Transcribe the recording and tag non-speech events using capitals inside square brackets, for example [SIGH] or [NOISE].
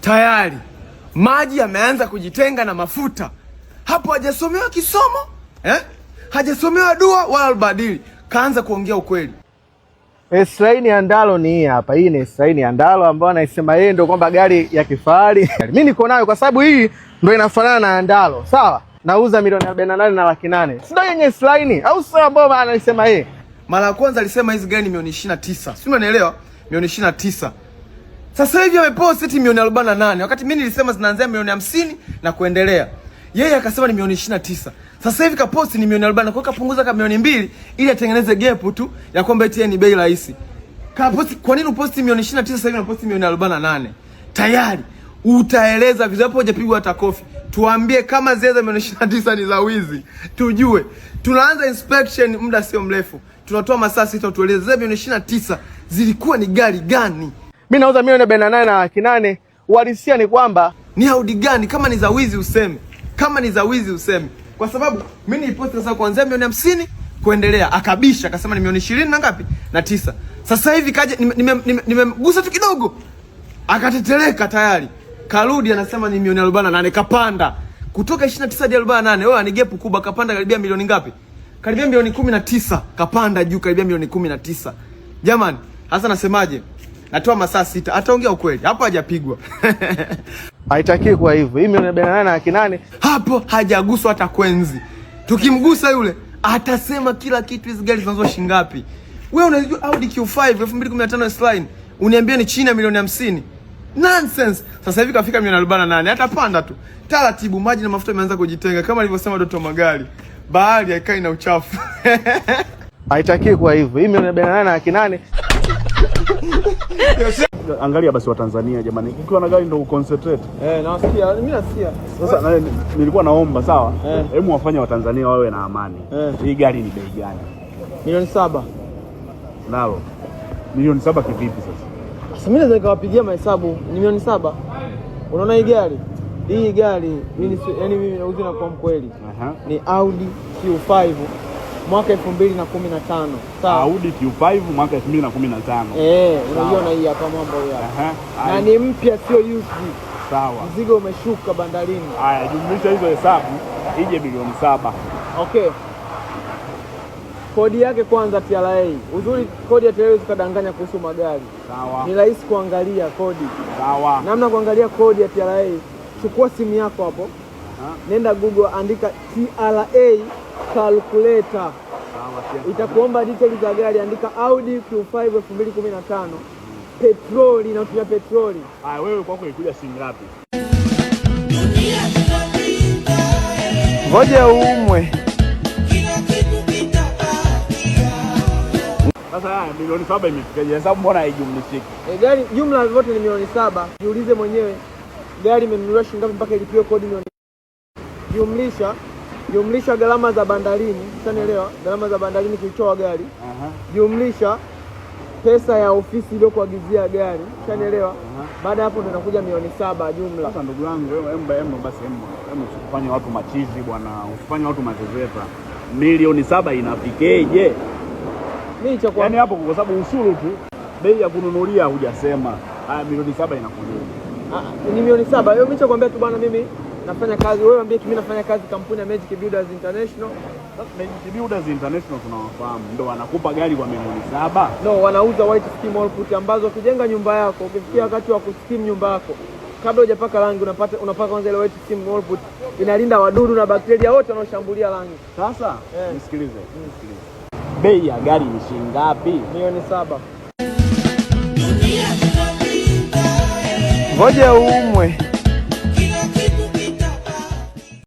tayari maji yameanza kujitenga na mafuta. Hapo hajasomewa kisomo eh? hajasomewa dua wala albadili, kaanza kuongea ukweli. Esraini ya Ndalo ni hii hapa. Hii ni Esraini ya Ndalo ambayo anaisema yeye ndio kwamba gari ya kifahari mimi [LAUGHS] niko nayo kwa sababu hii ndio inafanana na Ndalo, sawa. Nauza milioni arobaini na nane na laki nane si yenye Esraini au sio? Ambao anaisema yeye mara ya kwanza alisema hizi gari ni milioni ishirini na tisa si unanielewa, milioni ishirini na tisa sasa hivi amepewa seti milioni 48 wakati mimi nilisema zinaanzia milioni 50 na kuendelea. Yeye akasema ni milioni 29. Sasa hivi kaposti ni milioni 40 kwa kapunguza kama milioni mbili ili atengeneze gap tu ya kwamba eti ni bei rahisi. Kaposti kwa nini uposti milioni 29 sasa hivi unaposti milioni 48? Tayari utaeleza vizuri hapo hujapigwa hata kofi. Tuambie kama zile za milioni 29 ni za wizi. Tujue. Tunaanza inspection muda sio mrefu. Tunatoa masaa sita tueleze zile milioni 29 zilikuwa ni gari gani? mi nauza milioni arobaini na nane na laki nane. Uhalisia ni kwamba ni audi gani? Kama ni za wizi useme, kama ni za wizi useme, kwa sababu mimi niliposti sasa kuanzia milioni hamsini kuendelea, akabisha akasema ni milioni ishirini na ngapi na tisa. Sasa hivi kaja nimemgusa nime, nime, nime tu kidogo akatetereka tayari, karudi anasema ni milioni arobaini na nane kapanda kutoka 29 hadi 48. Wewe ni gap kubwa, kapanda karibia milioni ngapi? Karibia milioni kumi na tisa kapanda juu karibia milioni kumi na tisa Jamani, hasa nasemaje? natoa masaa sita, ataongea ukweli hapo, hajapigwa [LAUGHS] haitakiwi kuwa hivyo. Hii milioni arobaini na laki nane hapo hajaguswa hata kwenzi. Tukimgusa yule atasema kila kitu. Hizi gari zinauzwa shilingi ngapi? Wewe unajua Audi Q5 2015 S-Line uniambia ni chini ya milioni hamsini? Nonsense. Sasa hivi kafika milioni arobaini na nane, atapanda tu taratibu. Maji na mafuta imeanza kujitenga, kama alivyosema Doto Magari, bahari haikai na uchafu [LAUGHS] haitakiwi kuwa hivyo. Hii milioni arobaini na nane laki nane [LAUGHS] [LAUGHS] Angalia basi Watanzania jamani, ukiwa na gari ndio uconcentrate. Eh, nasikia, mimi nasikia. Sasa na, nilikuwa naomba sawa, eh. hebu eh, wafanye Watanzania wawe na amani eh. Hii gari ni bei gani? Milioni saba. Nalo milioni saba kivipi sasa? Sasa mimi naweza nikawapigia mahesabu, ni milioni saba. Unaona hii gari hii gari mimi, yaani mimi nauzi na kwa mkweli, ni Audi Q5 mwaka 2015. Sawa. Audi Q5 mwaka 2015. Eh, unaiona hii hapa mambo haya. Na ni mpya sio used. Sawa. Mzigo umeshuka bandarini. Haya, jumlisha hizo hesabu ije bilioni saba. Okay. Kodi yake kwanza TRA. Uzuri kodi ya TRA zikadanganya kuhusu magari. Sawa. Ni rahisi kuangalia kodi. Sawa. Namna kuangalia kodi ya TRA. Chukua simu yako hapo. Ha? Nenda Google andika TRA calculator itakuomba detail za gari, andika Audi Q5 2015 petroli, inatumia petroli. Haya, wewe kwako ilikuja shilingi ngapi? Ngoja umwe sasa. Milioni saba imefikaje? Hesabu mbona haijumlishiki? E, gari jumla zote ni milioni saba. Jiulize mwenyewe gari imenunuliwa shilingi ngapi mpaka ilipiwe kodi milioni, jumlisha jumlisha gharama za bandarini, sanielewa gharama za bandarini kuitoa gari jumlisha pesa ya ofisi iliyokuagizia gari, sanielewa Baada ya hapo tunakuja milioni saba jumla. Sasa ndugu yangu, basi usifanye watu machizi bwana, usifanye watu mazezeta. Milioni saba inafikeje? Yaani hapo kwa sababu ushuru tu, bei ya kununulia hujasema. Haya, milioni saba inakuja ah, ni milioni saba hiyo, mimi kwambia tu bwana mimi nafanya kazi wewe ambie kimi nafanya kazi kampuni ya Magic Builders International. Magic Builders International tunawafahamu, ndio wanakupa gari kwa milioni saba. No, wanauza white skim wall put ambazo ukijenga nyumba yako ukifikia wakati wa kuskim nyumba yako kabla hujapaka rangi unapata unapaka kwanza ile white skim wall put inalinda wadudu na bakteria wote wanaoshambulia rangi. Sasa yeah. Nisikilize, nisikilize, bei ya gari ni shilingi ngapi? Milioni saba. Ngoja umwe